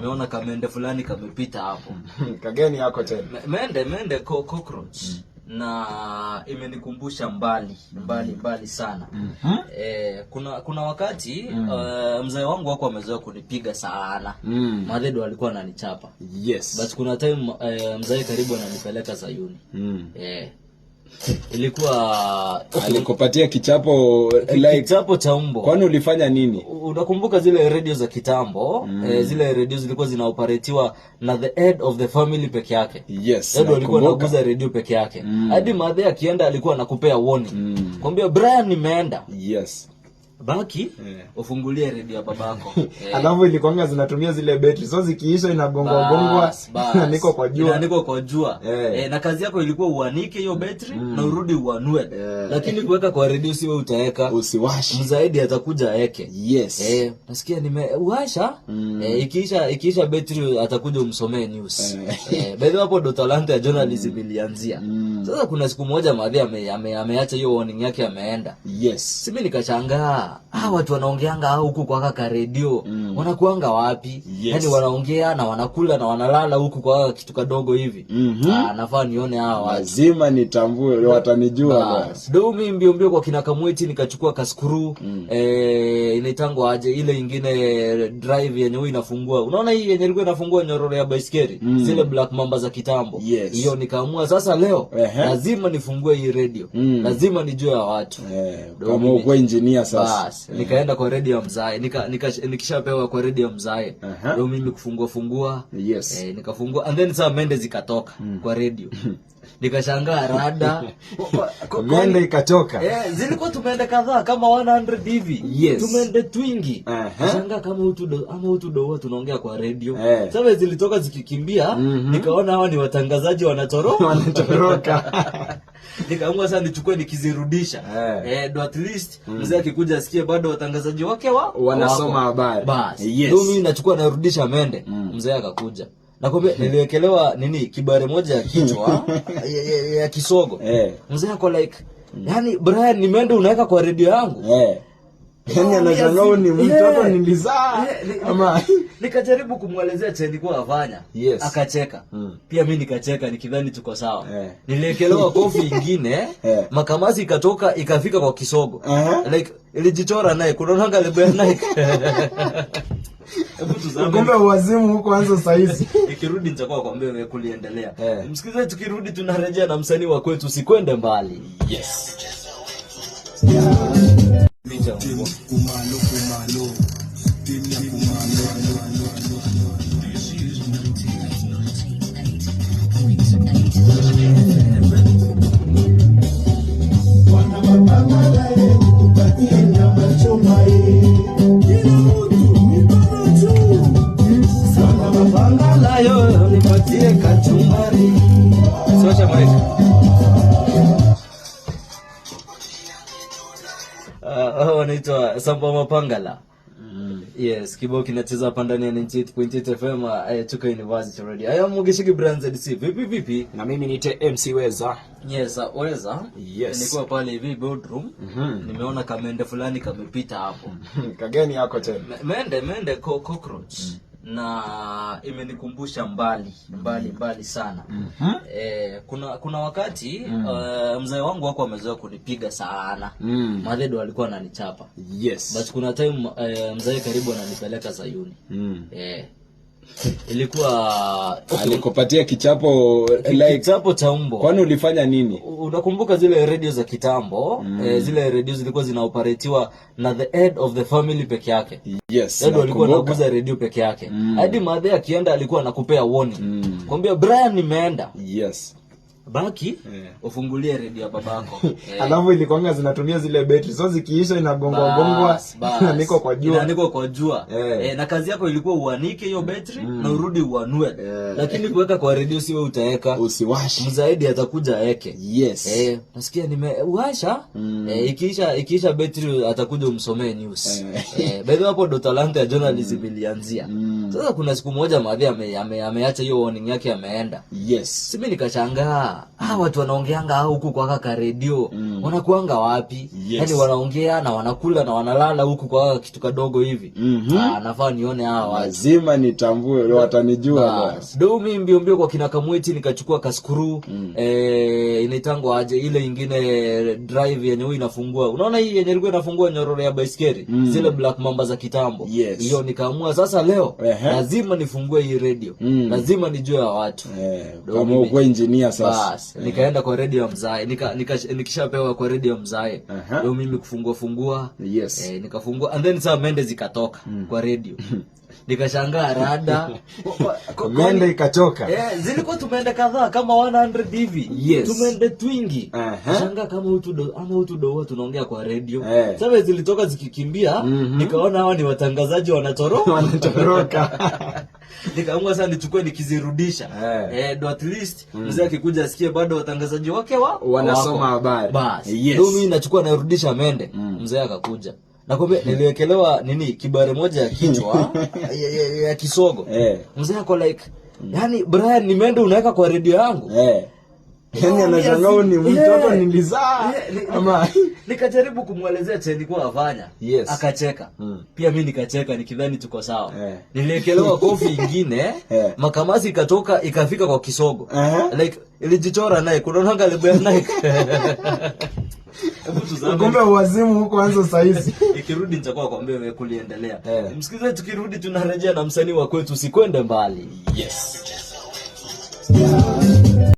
meona kamende fulani kamepita hapo. Kageni yako tena. Mende mende ko cockroach. Mm. Na imenikumbusha mbali mbali mm. mbali sana. Mm -hmm. Eh, kuna kuna wakati mm. Uh, mzee wangu wako amezoea kunipiga sana. Mm. Madhedo alikuwa ananichapa. Yes. But kuna time uh, mzee karibu ananipeleka Sayuni. Mm. Eh. ilikuwa alikupatia kichapo eh, like, kichapo cha mbo Kwani ulifanya nini? Unakumbuka zile redio za kitambo mm. E, zile redio zilikuwa zinaoperatiwa na the head of the family peke yake. Yes, alikuwa anaguza redio peke yake mm. hadi mm. madhe akienda alikuwa anakupea warning mm. kwambia Brian, nimeenda yes baki yeah. Ufungulie redio ya babako yeah. Alafu ilikwanga zinatumia zile betri, so zikiisha inagongwa gongwa, inaandikwa kwa jua, inaandikwa kwa jua yeah. E, eh, na kazi yako ilikuwa uanike hiyo betri mm. na urudi uanue yeah. Lakini kuweka kwa redio siwe utaweka, usiwashi, mzaidi atakuja aeke Yes e, nasikia nimewasha mm. E, ikiisha ikiisha betri atakuja umsomee news yeah. E, by the hapo ndo talanta ya journalism mm. ilianzia mm. Sasa kuna siku moja madhi ameacha ame, ame hiyo warning yake ameenda. Yes, simi nikashangaa ah, watu wanaongeanga huku kwa kaka redio mm. wanakuanga wapi? Yes. Yani wanaongea na wanakula na wanalala huku kwa kitu kadogo hivi mm -hmm. Nafaa nione hawa watu, lazima nitambue, watanijua ah, basi. Do mimi mbio mbio kwa kina Kamweti nikachukua kaskuru mm. eh, mitango aje ile ingine drive yenye huyu inafungua, unaona hii yenye ilikuwa inafungua nyororo ya baiskeli mm. zile Black Mamba za kitambo hiyo yes. Nikaamua sasa leo uh -huh. lazima nifungue hii radio mm. lazima nijue ya watu uh, kama uko engineer sasa bas uh eh. nikaenda kwa radio ya mzae nika, nika nikishapewa kwa radio ya mzae uh -huh. leo mimi kufungua fungua yes. eh, nikafungua and then saa mende zikatoka mm. kwa radio nikashangaa rada mende ikatoka eh, zilikuwa tumeenda kadhaa kama 100 hivi yes. tumeenda wazembe twingi shanga uh -huh. kama utudo ama utudoa tunaongea kwa radio uh Sasa zilitoka zikikimbia mm -hmm. Nikaona hawa ni watangazaji wanatoroka wanatoroka nikaamua sasa nichukue nikizirudisha hey. Eh. eh, do at least mm. mzee akikuja asikie bado watangazaji wake wa wanasoma habari basi, yes. Ndio mimi nachukua narudisha mende mm. Mzee akakuja nakwambia niliwekelewa nini kibare moja ya kichwa ya, ya, ya kisogo hey. Eh. Mzee ako like mm. yani Brian, ni mende unaweka kwa redio yangu eh yani anadhanga ni mtoto nilizaa ama nikajaribu kumwelezea cha nilikuwa afanya. Yes. Akacheka. Mm. Pia mimi nikacheka nikidhani tuko sawa. Eh. Niliekelewa kofi ingine eh. Makamasi ikatoka ikafika kwa kisogo. Uh -huh. Like ilijitora naye kuna nanga lebo naye. Hebu tuzame. Kumbe uwazimu huko anza saizi. Ikirudi nitakuwa kwambia wewe kuliendelea. Eh. Msikizaji tukirudi tunarejea na msanii wa kwetu usikwende mbali. Yes. Yeah kujificha kumalo kumalo Sio cha maisha. wanaitwa Samba Mapangala. Yes, kibao kinacheza hapa ndani ya 98.8 FM Chuka University Radio. Haya Mugishiki Brands ZC. Vipi vipi? Na mimi ni MC Weza. Yes, uh, Weza. Yes. Nilikuwa pale hivi bedroom Mm -hmm. Nimeona kamende fulani kamepita hapo. Kageni yako tena. Mende mende cockroach. Mm na imenikumbusha mbali mbali mm. mbali sana. mm -hmm. E, kuna kuna wakati mm -hmm. uh, mzee wangu wako amezoea kunipiga sana mm -hmm. alikuwa ananichapa yes, but kuna time uh, mzee karibu ananipeleka Sayuni mm -hmm. e, ilikuwa alikupatia kichapo like, kichapo cha umbo. Kwani ulifanya nini? Unakumbuka zile redio za kitambo mm. eh, zile redio zilikuwa zinaoperatiwa na the head of the family peke yake. Yes, alikuwa anaguza redio peke yake mm. hadi mm. madhe akienda alikuwa anakupea warning mm. kwambia Brian, nimeenda yes baki yeah. Ufungulie redio babako yeah. Alafu ilikwanga zinatumia zile betri so zikiisha inagongwa gongwa inaandikwa kwa jua, inaandikwa kwa jua yeah. E, eh, na kazi yako ilikuwa uanike hiyo betri mm. na urudi uanue yeah. Lakini kuweka kwa redio si wewe utaweka, usiwashi mzaidi atakuja aeke Yes eh, nasikia nimewasha mm. eh, ikiisha ikiisha betri atakuja umsomee news yeah. eh, by the way hapo ndo talanta ya journalism mm. ilianzia mm. Sasa kuna siku moja madhi ameacha ame, ame hiyo warning yake ameenda. Yes, simi nikashangaa ah, mm. watu wanaongeanga ah, huku kwa kaka redio mm. wanakuanga wapi? Yes. yani wanaongea na wanakula na wanalala huku kwa kaka kitu kadogo hivi mm -hmm. Ah, nafaa nione hawa lazima nitambue, leo watanijua do mimi mbio mbio kwa kina Kamwiti nikachukua kaskuru mm. eh, inaitangwa aje ile ingine drive yenye huyu inafungua, unaona hii yenye ilikuwa inafungua nyororo ya baisikeli mm. zile black mamba za kitambo hiyo. Yes. Nikaamua sasa leo Ehe. lazima nifungue hii redio mm. lazima nijue hawa watu eh, kama uko engineer sasa nikaenda kwa redio mzae nika, nikishapewa kwa redio mzae uh -huh. Leo mimi kufungua fungua yes. Eh, nikafungua and then saa mende zikatoka mm. kwa redio nikashangaa rada mende ikachoka Yeah, zilikuwa tumeenda kadhaa kama 100 hivi yes. Tumeende twingi uh -huh. Shangaa kama utudo ama utudoa tunaongea kwa redio hey. Eh. sabe zilitoka zikikimbia mm -hmm. Nikaona hawa ni watangazaji wanatoroka wanatoroka nikaamua sasa nichukue nikizirudisha hey. Eh. eh, do at least mm. Mzee akikuja asikie bado watangazaji wake wa wanasoma habari basi yes. mi nachukua narudisha mende mm. Mzee akakuja Nakwambia niliwekelewa nini kibare moja ya kichwa ya, ya, ya kisogo. Eh. Mzee ako like, mm. yani Brian, nimeenda unaweka kwa redio yangu. Eh yani oh, anashangaa huyu ni mtoto nilizaa ama nikajaribu kumwelezea cha nilikuwa afanya Yes. Akacheka. Mm. Pia mimi nikacheka nikidhani tuko sawa. yeah. Niliekelewa kofi ingine, yeah. Makamasi ikatoka ikafika kwa kisogo. uh-huh. Like ilijichora naye kuna nanga ya naye. Kumbe uwazimu huko anza saizi. Ikirudi nitakuwa kwambia wewe kuliendelea. yeah. Msikize tukirudi tunarejea na msanii wa kwetu sikwende mbali. Yes.